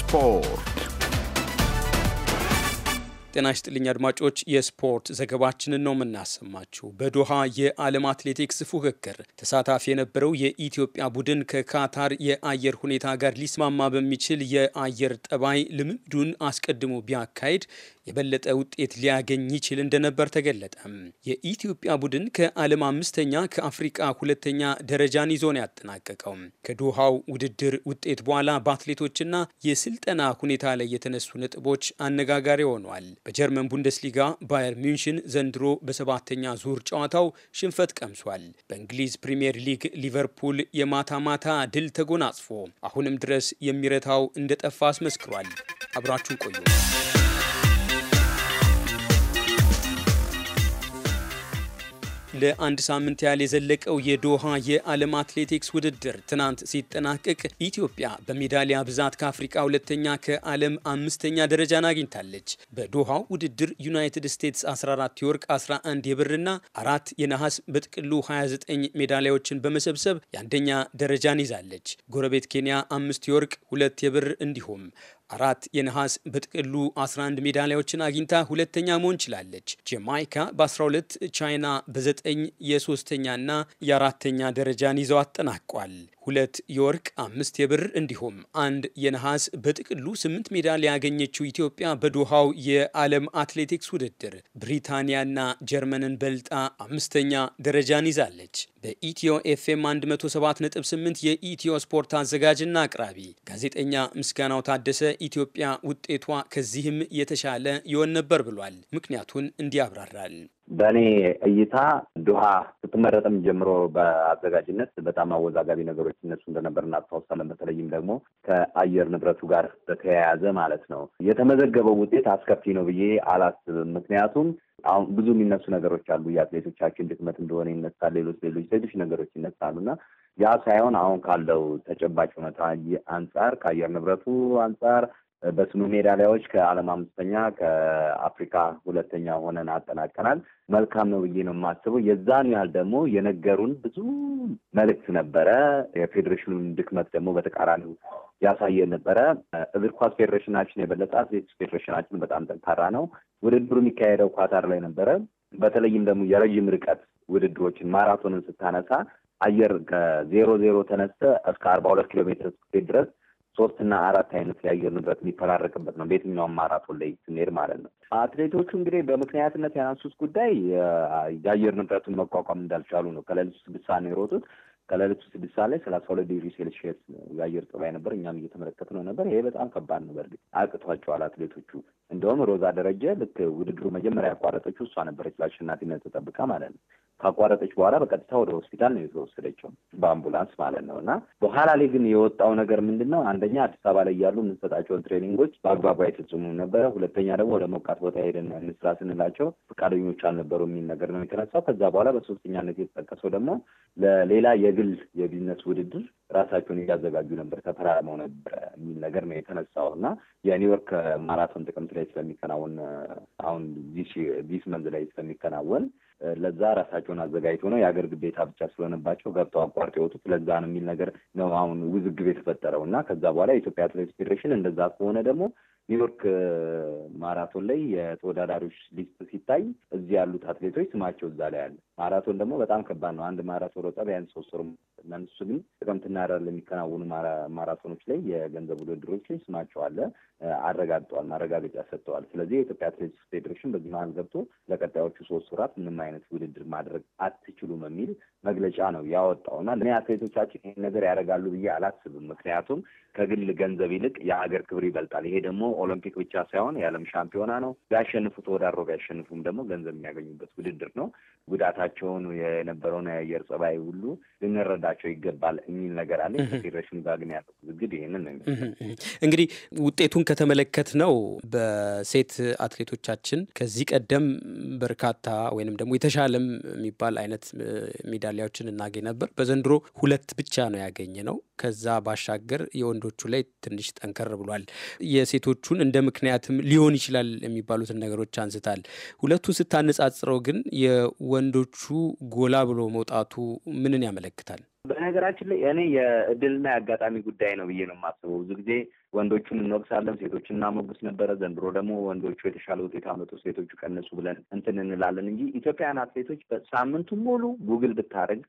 Spor. ጤና ይስጥልኝ አድማጮች፣ የስፖርት ዘገባችንን ነው የምናሰማችሁ። በዶሃ የዓለም አትሌቲክስ ፉክክር ተሳታፊ የነበረው የኢትዮጵያ ቡድን ከካታር የአየር ሁኔታ ጋር ሊስማማ በሚችል የአየር ጠባይ ልምምዱን አስቀድሞ ቢያካሄድ የበለጠ ውጤት ሊያገኝ ይችል እንደነበር ተገለጠ። የኢትዮጵያ ቡድን ከዓለም አምስተኛ ከአፍሪቃ ሁለተኛ ደረጃን ይዞ ነው ያጠናቀቀው። ከዶሃው ውድድር ውጤት በኋላ በአትሌቶችና የስልጠና ሁኔታ ላይ የተነሱ ነጥቦች አነጋጋሪ ሆኗል። በጀርመን ቡንደስሊጋ ባየር ሚንሽን ዘንድሮ በሰባተኛ ዙር ጨዋታው ሽንፈት ቀምሷል። በእንግሊዝ ፕሪምየር ሊግ ሊቨርፑል የማታ ማታ ድል ተጎናጽፎ አሁንም ድረስ የሚረታው እንደጠፋ አስመስክሯል። አብራችሁን ቆዩ። ለአንድ ሳምንት ያህል የዘለቀው የዶሃ የዓለም አትሌቲክስ ውድድር ትናንት ሲጠናቀቅ ኢትዮጵያ በሜዳሊያ ብዛት ከአፍሪቃ ሁለተኛ ከዓለም አምስተኛ ደረጃን አግኝታለች። በዶሃው ውድድር ዩናይትድ ስቴትስ 14 የወርቅ 11 የብርና አራት የነሐስ በጥቅሉ 29 ሜዳሊያዎችን በመሰብሰብ የአንደኛ ደረጃን ይዛለች። ጎረቤት ኬንያ አምስት የወርቅ ሁለት የብር እንዲሁም አራት የነሐስ በጥቅሉ 11 ሜዳሊያዎችን አግኝታ ሁለተኛ መሆን ችላለች። ጀማይካ በ12 ቻይና በ9 የሶስተኛና የአራተኛ ደረጃን ይዘው አጠናቋል። ሁለት የወርቅ አምስት የብር እንዲሁም አንድ የነሐስ በጥቅሉ ስምንት ሜዳሊያ ያገኘችው ኢትዮጵያ በዶሃው የዓለም አትሌቲክስ ውድድር ብሪታንያና ጀርመንን በልጣ አምስተኛ ደረጃን ይዛለች። በኢትዮ ኤፍኤም 107.8 የኢትዮ ስፖርት አዘጋጅና አቅራቢ ጋዜጠኛ ምስጋናው ታደሰ ኢትዮጵያ ውጤቷ ከዚህም የተሻለ ይሆን ነበር ብሏል። ምክንያቱን እንዲያብራራል። በእኔ እይታ ዶሃ ስትመረጥም ጀምሮ በአዘጋጅነት በጣም አወዛጋቢ ነገሮች እነሱ እንደነበር እናስታውሳለን። በተለይም ደግሞ ከአየር ንብረቱ ጋር በተያያዘ ማለት ነው። የተመዘገበው ውጤት አስከፊ ነው ብዬ አላስብም። ምክንያቱም አሁን ብዙ የሚነሱ ነገሮች አሉ። የአትሌቶቻችን ድክመት እንደሆነ ይነሳል። ሌሎች ሌሎች ሌሎች ነገሮች ይነሳሉ እና ያ ሳይሆን አሁን ካለው ተጨባጭ ሁኔታ አንጻር ከአየር ንብረቱ አንጻር በስኑ ሜዳሊያዎች ከዓለም አምስተኛ ከአፍሪካ ሁለተኛ ሆነን አጠናቀናል። መልካም ነው ብዬ ነው የማስበው። የዛን ያህል ደግሞ የነገሩን ብዙ መልእክት ነበረ። የፌዴሬሽኑን ድክመት ደግሞ በተቃራኒው ያሳየ ነበረ። እግር ኳስ ፌዴሬሽናችን የበለጠ አትሌቲክስ ፌዴሬሽናችን በጣም ጠንካራ ነው። ውድድሩ የሚካሄደው ኳታር ላይ ነበረ። በተለይም ደግሞ የረዥም ርቀት ውድድሮችን ማራቶንን ስታነሳ አየር ከዜሮ ዜሮ ተነስተ እስከ አርባ ሁለት ኪሎ ሜትር ድረስ ሶስትና አራት አይነት የአየር ንብረት የሚፈራረቅበት ነው በየትኛውም ማራቶን ላይ ስንሄድ ማለት ነው። አትሌቶቹ እንግዲህ በምክንያትነት ያነሱት ጉዳይ የአየር ንብረቱን መቋቋም እንዳልቻሉ ነው። ከሌሊቱ ስድስት ሰዓት ነው የሮጡት። ከሌሊቱ ስድስት ሰዓት ላይ ሰላሳ ሁለት ዲግሪ ሴልሺየስ የአየር ነበር። እኛም እየተመለከት ነው ነበር። ይሄ በጣም ከባድ ነው። በእርግጥ አቅቷቸዋል አትሌቶቹ። እንደውም ሮዛ ደረጀ ልክ ውድድሩ መጀመሪያ ያቋረጠችው እሷ ነበረች ለአሸናፊነት ተጠብቃ ማለት ነው። ካቋረጠች በኋላ በቀጥታ ወደ ሆስፒታል ነው የተወሰደችው በአምቡላንስ ማለት ነው። እና በኋላ ላይ ግን የወጣው ነገር ምንድን ነው? አንደኛ አዲስ አበባ ላይ ያሉ የምንሰጣቸውን ትሬኒንጎች በአግባቡ አይፈጽሙም ነበረ። ሁለተኛ ደግሞ ወደ ሞቃት ቦታ ሄደን እንስራ ስንላቸው ፈቃደኞች አልነበሩ የሚል ነገር ነው የተነሳው። ከዛ በኋላ በሶስተኛነት የተጠቀሰው ደግሞ ለሌላ የግል የቢዝነስ ውድድር ራሳቸውን እያዘጋጁ ነበር፣ ተፈራርመው ነበር የሚል ነገር ነው የተነሳው እና የኒውዮርክ ማራቶን ጥቅምት ላይ ስለሚከናወን አሁን ዲስ መንዝ ላይ ስለሚከናወን ለዛ ራሳቸውን አዘጋጅቶ ነው የሀገር ግዴታ ብቻ ስለሆነባቸው ገብተው አቋርጦ የወጡት ለዛ ነው የሚል ነገር ነው አሁን ውዝግብ የተፈጠረው እና ከዛ በኋላ የኢትዮጵያ አትሌቲክስ ፌዴሬሽን እንደዛ ከሆነ ደግሞ ኒውዮርክ uh, ማራቶን ላይ የተወዳዳሪዎች ሊስት ሲታይ እዚህ ያሉት አትሌቶች ስማቸው እዛ ላይ አለ። ማራቶን ደግሞ በጣም ከባድ ነው። አንድ ማራቶን ሮጣ ቢያንስ ሶስት ወር እነሱ ግን ጥቅምትና ህዳር ለሚከናወኑ ማራቶኖች ላይ የገንዘብ ውድድሮች ላይ ስማቸው አለ። uh, አረጋግጠዋል፣ ማረጋገጫ ሰጥተዋል። ስለዚህ የኢትዮጵያ አትሌቲክስ ፌዴሬሽን በዚህ መሀል ገብቶ ለቀጣዮቹ ሶስት ወራት ምንም አይነት ውድድር ማድረግ አትችሉም የሚል መግለጫ ነው ያወጣው እና እኔ አትሌቶቻችን ይህን ነገር ያደርጋሉ ብዬ አላስብም። ምክንያቱም ከግል ገንዘብ ይልቅ የሀገር ክብር ይበልጣል። ይሄ ደግሞ ኦሎምፒክ ብቻ ሳይሆን የዓለም ሻምፒዮና ነው። ቢያሸንፉ ተወዳድረው ቢያሸንፉም ደግሞ ገንዘብ የሚያገኙበት ውድድር ነው። ጉዳታቸውን የነበረውን የአየር ጸባይ ሁሉ ልንረዳቸው ይገባል የሚል ነገር አለ። ከፌዴሬሽን ጋር ግን ያለው ዝግድ ይህንን እንግዲህ ውጤቱን ከተመለከት ነው በሴት አትሌቶቻችን ከዚህ ቀደም በርካታ ወይንም ደግሞ የተሻለም የሚባል አይነት ሜዳ ሜዳሊያዎችን እናገኝ ነበር። በዘንድሮ ሁለት ብቻ ነው ያገኘ ነው። ከዛ ባሻገር የወንዶቹ ላይ ትንሽ ጠንከር ብሏል። የሴቶቹን እንደ ምክንያትም ሊሆን ይችላል የሚባሉትን ነገሮች አንስታል። ሁለቱን ስታነጻጽረው ግን የወንዶቹ ጎላ ብሎ መውጣቱ ምንን ያመለክታል? በነገራችን ላይ እኔ የእድልና የአጋጣሚ ጉዳይ ነው ብዬ ነው የማስበው። ብዙ ጊዜ ወንዶቹን እንወቅሳለን፣ ሴቶች እናሞግስ ነበረ። ዘንድሮ ደግሞ ወንዶቹ የተሻለ ውጤት አመጡ፣ ሴቶቹ ቀነሱ ብለን እንትን እንላለን እንጂ ኢትዮጵያውያን አትሌቶች በሳምንቱ ሙሉ ጉግል ብታደርግ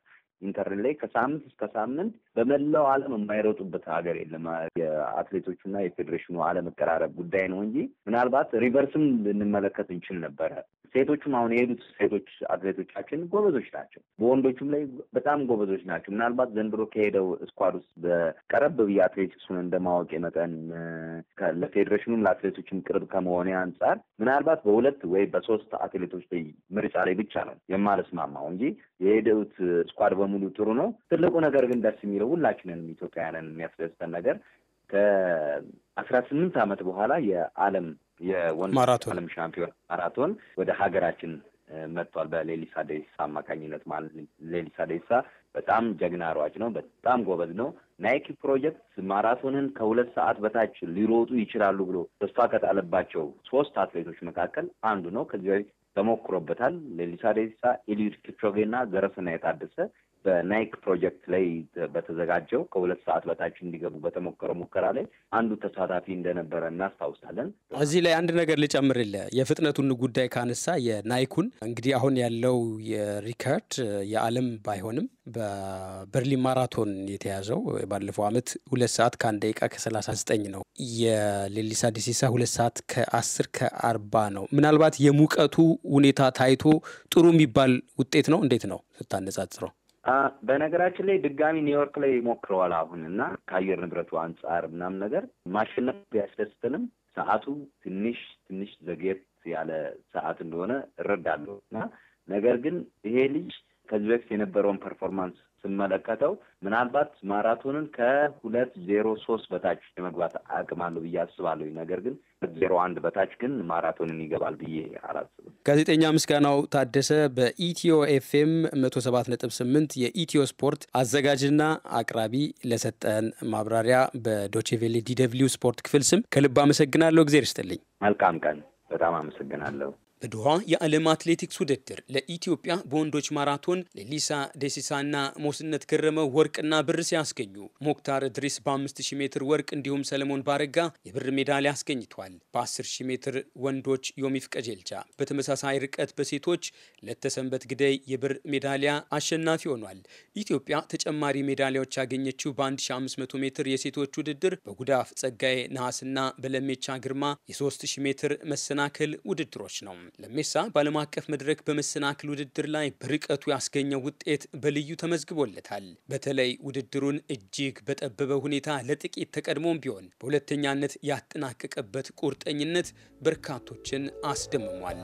ኢንተርኔት ላይ ከሳምንት እስከ ሳምንት በመላው ዓለም የማይሮጡበት ሀገር የለም። የአትሌቶቹና የፌዴሬሽኑ አለመቀራረብ ጉዳይ ነው እንጂ ምናልባት ሪቨርስም ልንመለከት እንችል ነበረ። ሴቶቹም አሁን የሄዱት ሴቶች አትሌቶቻችን ጎበዞች ናቸው። በወንዶቹም ላይ በጣም ጎበዞች ናቸው። ምናልባት ዘንድሮ ከሄደው ስኳድ ውስጥ በቀረብ ብዬ አትሌቲክሱን እንደማወቅ መጠን ለፌዴሬሽኑም ለአትሌቶችም ቅርብ ከመሆኔ አንጻር ምናልባት በሁለት ወይ በሶስት አትሌቶች ላይ ምርጫ ላይ ብቻ ነው የማልስማማው እንጂ የሄደውት ስኳድ በሙሉ ጥሩ ነው። ትልቁ ነገር ግን ደስ የሚለው ሁላችንንም ኢትዮጵያውያንን የሚያስደስተን ነገር አስራ ስምንት ዓመት በኋላ የዓለም የወንዶች ዓለም ሻምፒዮን ማራቶን ወደ ሀገራችን መጥቷል። በሌሊሳ ደሳ አማካኝነት ማለት ሌሊሳ ደሳ በጣም ጀግና ሯጭ ነው። በጣም ጎበዝ ነው። ናይኪ ፕሮጀክት ማራቶንን ከሁለት ሰዓት በታች ሊሮጡ ይችላሉ ብሎ ተስፋ ከጣለባቸው ሶስት አትሌቶች መካከል አንዱ ነው። ከዚህ በፊት ተሞክሮበታል። ሌሊሳ ደሳ፣ ኤልዩድ ኪፕቾጌ እና ገረሰናይ ታደሰ በናይክ ፕሮጀክት ላይ በተዘጋጀው ከሁለት ሰዓት በታች እንዲገቡ በተሞከረው ሙከራ ላይ አንዱ ተሳታፊ እንደነበረ እናስታውሳለን። እዚህ ላይ አንድ ነገር ልጨምርልህ። የፍጥነቱን ጉዳይ ካነሳ የናይኩን እንግዲህ አሁን ያለው የሪከርድ የዓለም ባይሆንም በበርሊን ማራቶን የተያዘው ባለፈው ዓመት ሁለት ሰዓት ከአንድ ደቂቃ ከሰላሳ ዘጠኝ ነው። የሌሊሳ ዲሲሳ ሁለት ሰዓት ከአስር ከአርባ ነው። ምናልባት የሙቀቱ ሁኔታ ታይቶ ጥሩ የሚባል ውጤት ነው። እንዴት ነው ስታነጻጽረው? በነገራችን ላይ ድጋሚ ኒውዮርክ ላይ ሞክረዋል አሁን እና ከአየር ንብረቱ አንጻር ምናምን ነገር ማሸነፍ ቢያስደስትንም ሰዓቱ ትንሽ ትንሽ ዘጌት ያለ ሰዓት እንደሆነ እረዳለሁ እና ነገር ግን ይሄ ልጅ ከዚህ በፊት የነበረውን ፐርፎርማንስ ስመለከተው ምናልባት ማራቶንን ከሁለት ዜሮ ሶስት በታች የመግባት አቅም አለው ብዬ አስባለሁ። ነገር ግን ዜሮ አንድ በታች ግን ማራቶንን ይገባል ብዬ አላስብም። ጋዜጠኛ ምስጋናው ታደሰ በኢትዮ ኤፍኤም መቶ ሰባት ነጥብ ስምንት የኢትዮ ስፖርት አዘጋጅና አቅራቢ ለሰጠን ማብራሪያ በዶቼቬሌ ዲደብሊው ስፖርት ክፍል ስም ከልብ አመሰግናለሁ። እግዜር ይስጥልኝ። መልካም ቀን። በጣም አመሰግናለሁ። በዶሃ የዓለም አትሌቲክስ ውድድር ለኢትዮጵያ በወንዶች ማራቶን ሌሊሳ ደሲሳና ሞስነት ገረመው ወርቅና ብር ሲያስገኙ ሞክታር ድሪስ በ5000 ሜትር ወርቅ እንዲሁም ሰለሞን ባረጋ የብር ሜዳሊያ አስገኝቷል። በ10000 ሜትር ወንዶች ዮሚፍ ቀጀልቻ፣ በተመሳሳይ ርቀት በሴቶች ለተሰንበት ግዳይ የብር ሜዳሊያ አሸናፊ ሆኗል። ኢትዮጵያ ተጨማሪ ሜዳሊያዎች ያገኘችው በ1500 ሜትር የሴቶች ውድድር በጉዳፍ ጸጋዬ ነሐስና በለሜቻ ግርማ የ3000 ሜትር መሰናክል ውድድሮች ነው። ለሜሳ በዓለም አቀፍ መድረክ በመሰናክል ውድድር ላይ በርቀቱ ያስገኘው ውጤት በልዩ ተመዝግቦለታል። በተለይ ውድድሩን እጅግ በጠበበ ሁኔታ ለጥቂት ተቀድሞም ቢሆን በሁለተኛነት ያጠናቀቀበት ቁርጠኝነት በርካቶችን አስደምሟል።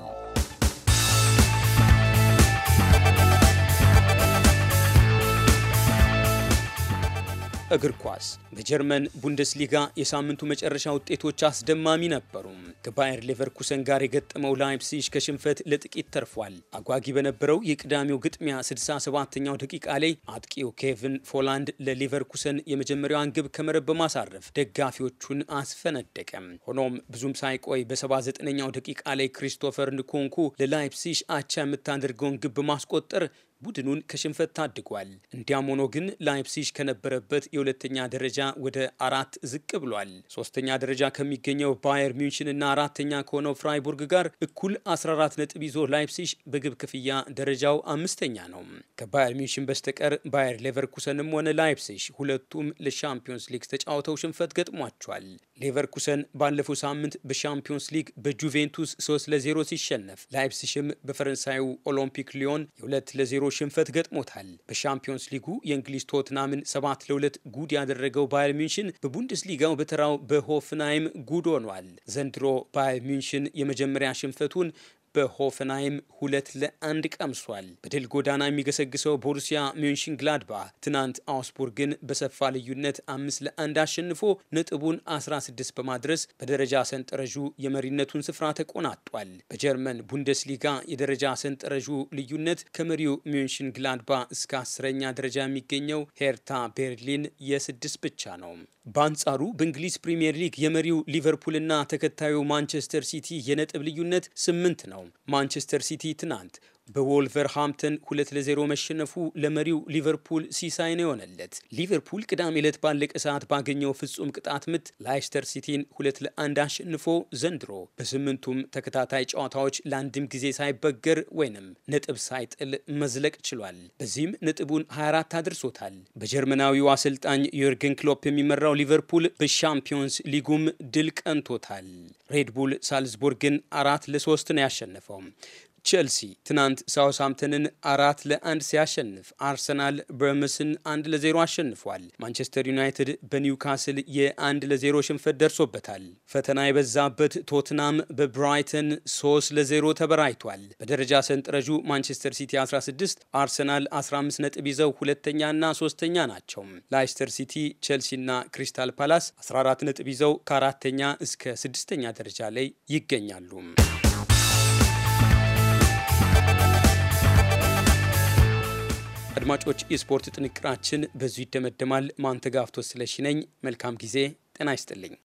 እግር ኳስ በጀርመን ቡንደስሊጋ የሳምንቱ መጨረሻ ውጤቶች አስደማሚ ነበሩም። ከባየር ሌቨርኩሰን ጋር የገጠመው ላይፕሲጅ ከሽንፈት ለጥቂት ተርፏል። አጓጊ በነበረው የቅዳሜው ግጥሚያ 67ኛው ደቂቃ ላይ አጥቂው ኬቪን ፎላንድ ለሌቨርኩሰን የመጀመሪያዋን ግብ ከመረብ በማሳረፍ ደጋፊዎቹን አስፈነደቀም። ሆኖም ብዙም ሳይቆይ በ79ኛው ደቂቃ ላይ ክሪስቶፈር ንኩንኩ ለላይፕሲጅ አቻ የምታደርገውን ግብ በማስቆጠር ቡድኑን ከሽንፈት ታድጓል። እንዲያም ሆኖ ግን ላይፕሲጅ ከነበረበት የሁለተኛ ደረጃ ወደ አራት ዝቅ ብሏል። ሶስተኛ ደረጃ ከሚገኘው ባየር ሚንሽን እና አራተኛ ከሆነው ፍራይቡርግ ጋር እኩል 14 ነጥብ ይዞ ላይፕሲጅ በግብ ክፍያ ደረጃው አምስተኛ ነው። ከባየር ሚንሽን በስተቀር ባየር ሌቨርኩሰንም ሆነ ላይፕሲጅ ሁለቱም ለሻምፒዮንስ ሊግ ተጫውተው ሽንፈት ገጥሟቸዋል። ሌቨርኩሰን ባለፈው ሳምንት በሻምፒዮንስ ሊግ በጁቬንቱስ 3 ለ0 ሲሸነፍ ላይፕሲሽም በፈረንሳዩ ኦሎምፒክ ሊዮን የ2 ለ0 ሽንፈት ገጥሞታል። በሻምፒዮንስ ሊጉ የእንግሊዝ ቶትናምን ሰባት ለሁለት ጉድ ያደረገው ባየር ሚንሽን በቡንደስሊጋው በተራው በሆፍናይም ጉድ ሆኗል። ዘንድሮ ባየር ሚንሽን የመጀመሪያ ሽንፈቱን በሆፈንሃይም ሁለት ለአንድ ቀምሷል። በድል ጎዳና የሚገሰግሰው ቦሩሲያ ሚንሽን ግላድባህ ትናንት አውስቡርግን በሰፋ ልዩነት አምስት ለአንድ አሸንፎ ነጥቡን 16 በማድረስ በደረጃ ሰንጠረዡ የመሪነቱን ስፍራ ተቆናጧል። በጀርመን ቡንደስሊጋ የደረጃ ሰንጠረዡ ልዩነት ከመሪው ሚንሽን ግላድባህ እስከ አስረኛ ደረጃ የሚገኘው ሄርታ ቤርሊን የስድስት ብቻ ነው። በአንጻሩ በእንግሊዝ ፕሪምየር ሊግ የመሪው ሊቨርፑልና ተከታዩ ማንቸስተር ሲቲ የነጥብ ልዩነት ስምንት ነው። ማንቸስተር ሲቲ ትናንት በወልቨርሃምፕተን ሁለት ለዜሮ መሸነፉ ለመሪው ሊቨርፑል ሲሳይ ነው የሆነለት። ሊቨርፑል ቅዳሜ ዕለት ባለቀ ሰዓት ባገኘው ፍጹም ቅጣት ምት ላይስተር ሲቲን ሁለት ለአንድ አሸንፎ ዘንድሮ በስምንቱም ተከታታይ ጨዋታዎች ለአንድም ጊዜ ሳይበገር ወይንም ነጥብ ሳይጥል መዝለቅ ችሏል። በዚህም ነጥቡን 24 አድርሶታል። በጀርመናዊው አሰልጣኝ ዮርገን ክሎፕ የሚመራው ሊቨርፑል በሻምፒዮንስ ሊጉም ድል ቀንቶታል። ሬድቡል ሳልዝቡርግን አራት ለሶስት ነው ያሸነፈው። ቼልሲ ትናንት ሳውስሃምፕተንን አራት ለአንድ ሲያሸንፍ አርሰናል በርምስን አንድ ለዜሮ አሸንፏል። ማንቸስተር ዩናይትድ በኒውካስል የአንድ ለዜሮ ሽንፈት ደርሶበታል። ፈተና የበዛበት ቶትናም በብራይተን ሶስት ለዜሮ ተበራይቷል። በደረጃ ሰንጠረዡ ማንቸስተር ሲቲ 16 አርሰናል 15 ነጥብ ይዘው ሁለተኛና ሶስተኛ ናቸው። ላይስተር ሲቲ፣ ቼልሲና ክሪስታል ፓላስ 14 ነጥብ ይዘው ከአራተኛ እስከ ስድስተኛ ደረጃ ላይ ይገኛሉ። አድማጮች፣ የስፖርት ጥንቅራችን በዙ ይደመደማል። ማንተጋፍቶ ስለሺ ነኝ። መልካም ጊዜ። ጤና ይስጥልኝ።